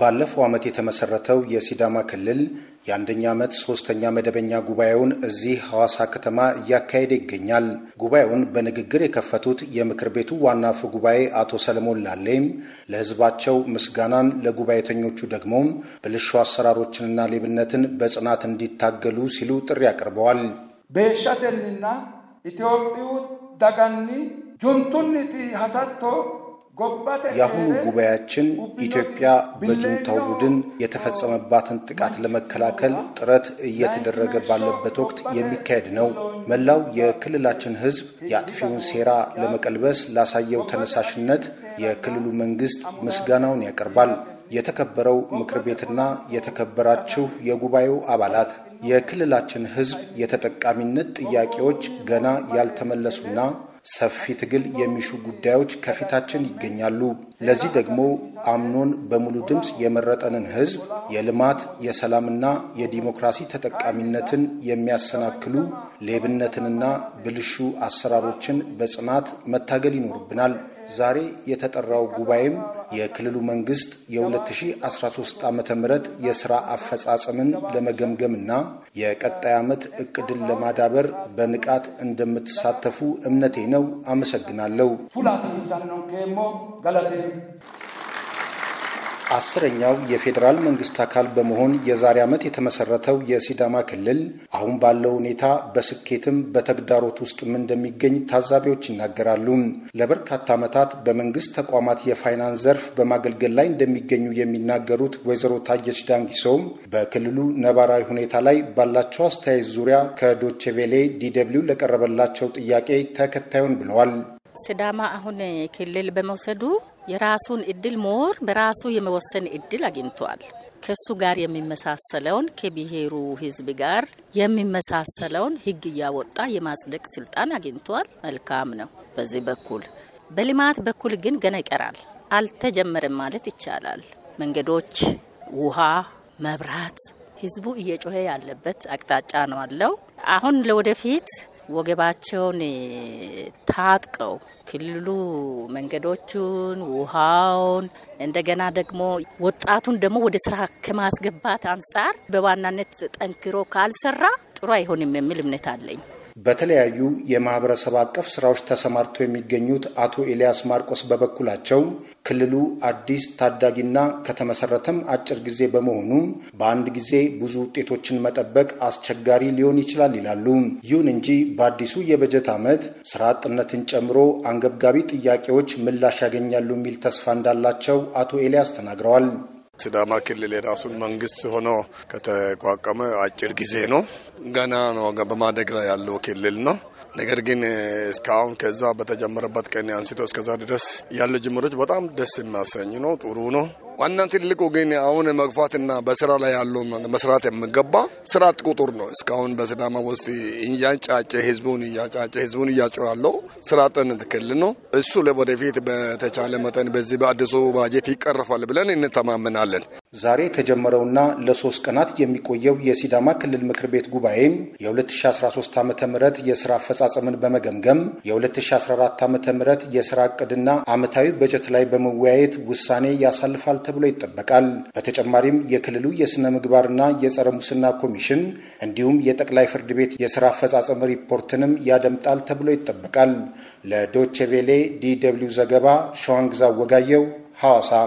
ባለፈው ዓመት የተመሰረተው የሲዳማ ክልል የአንደኛ ዓመት ሶስተኛ መደበኛ ጉባኤውን እዚህ ሐዋሳ ከተማ እያካሄደ ይገኛል። ጉባኤውን በንግግር የከፈቱት የምክር ቤቱ ዋና አፈ ጉባኤ አቶ ሰለሞን ላሌም ለሕዝባቸው ምስጋናን ለጉባኤተኞቹ ደግሞ ብልሹ አሰራሮችንና ሌብነትን በጽናት እንዲታገሉ ሲሉ ጥሪ አቅርበዋል። ቤሻቴንና ኢትዮጵዩ ዳጋኒ ጁንቱኒቲ ሀሳቶ የአሁኑ ጉባኤያችን ኢትዮጵያ በጁንታው ቡድን የተፈጸመባትን ጥቃት ለመከላከል ጥረት እየተደረገ ባለበት ወቅት የሚካሄድ ነው። መላው የክልላችን ሕዝብ የአጥፊውን ሴራ ለመቀልበስ ላሳየው ተነሳሽነት የክልሉ መንግስት ምስጋናውን ያቀርባል። የተከበረው ምክር ቤትና የተከበራችሁ የጉባኤው አባላት የክልላችን ሕዝብ የተጠቃሚነት ጥያቄዎች ገና ያልተመለሱና ሰፊ ትግል የሚሹ ጉዳዮች ከፊታችን ይገኛሉ። ለዚህ ደግሞ አምኖን በሙሉ ድምፅ የመረጠንን ህዝብ የልማት የሰላምና የዲሞክራሲ ተጠቃሚነትን የሚያሰናክሉ ሌብነትንና ብልሹ አሰራሮችን በጽናት መታገል ይኖርብናል። ዛሬ የተጠራው ጉባኤም የክልሉ መንግስት የ2013 ዓ ም የሥራ አፈጻጸምን ለመገምገምና የቀጣይ ዓመት እቅድን ለማዳበር በንቃት እንደምትሳተፉ እምነቴ ነው። አመሰግናለሁ። አስረኛው የፌዴራል መንግስት አካል በመሆን የዛሬ ዓመት የተመሰረተው የሲዳማ ክልል አሁን ባለው ሁኔታ በስኬትም በተግዳሮት ውስጥም እንደሚገኝ ታዛቢዎች ይናገራሉ። ለበርካታ ዓመታት በመንግስት ተቋማት የፋይናንስ ዘርፍ በማገልገል ላይ እንደሚገኙ የሚናገሩት ወይዘሮ ታየች ዳንጊሶም በክልሉ ነባራዊ ሁኔታ ላይ ባላቸው አስተያየት ዙሪያ ከዶቼቬሌ ዲደብሊው ለቀረበላቸው ጥያቄ ተከታዩን ብለዋል። ሲዳማ አሁን ክልል በመውሰዱ የራሱን እድል ሞር በራሱ የመወሰን እድል አግኝቷል። ከሱ ጋር የሚመሳሰለውን ከብሔሩ ህዝብ ጋር የሚመሳሰለውን ህግ እያወጣ የማጽደቅ ስልጣን አግኝቷል። መልካም ነው። በዚህ በኩል በልማት በኩል ግን ገና ይቀራል። አልተጀመረም ማለት ይቻላል። መንገዶች፣ ውሃ፣ መብራት ህዝቡ እየጮኸ ያለበት አቅጣጫ ነው አለው አሁን ለወደፊት ወገባቸውን ታጥቀው ክልሉ መንገዶቹን፣ ውሃውን እንደገና ደግሞ ወጣቱን ደግሞ ወደ ስራ ከማስገባት አንጻር በዋናነት ጠንክሮ ካልሰራ ጥሩ አይሆንም የሚል እምነት አለኝ። በተለያዩ የማህበረሰብ አቀፍ ስራዎች ተሰማርተው የሚገኙት አቶ ኤልያስ ማርቆስ በበኩላቸው ክልሉ አዲስ ታዳጊና ከተመሰረተም አጭር ጊዜ በመሆኑ በአንድ ጊዜ ብዙ ውጤቶችን መጠበቅ አስቸጋሪ ሊሆን ይችላል ይላሉ። ይሁን እንጂ በአዲሱ የበጀት ዓመት ስራ አጥነትን ጨምሮ አንገብጋቢ ጥያቄዎች ምላሽ ያገኛሉ የሚል ተስፋ እንዳላቸው አቶ ኤልያስ ተናግረዋል። ሲዳማ ክልል የራሱን መንግስት ሆኖ ከተቋቋመ አጭር ጊዜ ነው። ገና ነው በማደግ ላይ ያለው ክልል ነው። ነገር ግን እስካሁን ከዛ በተጀመረበት ቀን አንስቶ እስከዛ ድረስ ያሉ ጅምሮች በጣም ደስ የሚያሰኝ ነው። ጥሩ ነው። ዋና ትልቁ ግን አሁን መግፋትና በስራ ላይ ያለው መስራት የሚገባ ስራ አጥ ቁጥር ነው። እስካሁን በስዳማ ውስጥ እያንጫጨ ህዝቡን እያጫጨ ህዝቡን እያጮ ያለው ስራ አጥነት ክልል ነው። እሱ ለወደፊት በተቻለ መጠን በዚህ በአዲሱ ባጀት ይቀረፋል ብለን እንተማመናለን። ዛሬ የተጀመረውና ለሶስት ቀናት የሚቆየው የሲዳማ ክልል ምክር ቤት ጉባኤም የ2013 ዓ ም የስራ አፈጻጸምን በመገምገም የ2014 ዓ ም የስራ እቅድና ዓመታዊ በጀት ላይ በመወያየት ውሳኔ ያሳልፋል ተብሎ ይጠበቃል። በተጨማሪም የክልሉ የሥነ ምግባርና የጸረ ሙስና ኮሚሽን እንዲሁም የጠቅላይ ፍርድ ቤት የስራ አፈጻጸም ሪፖርትንም ያደምጣል ተብሎ ይጠበቃል። ለዶቼ ቬሌ ዲ ደብልዩ ዘገባ ሸዋንግዛ ወጋየው ሐዋሳ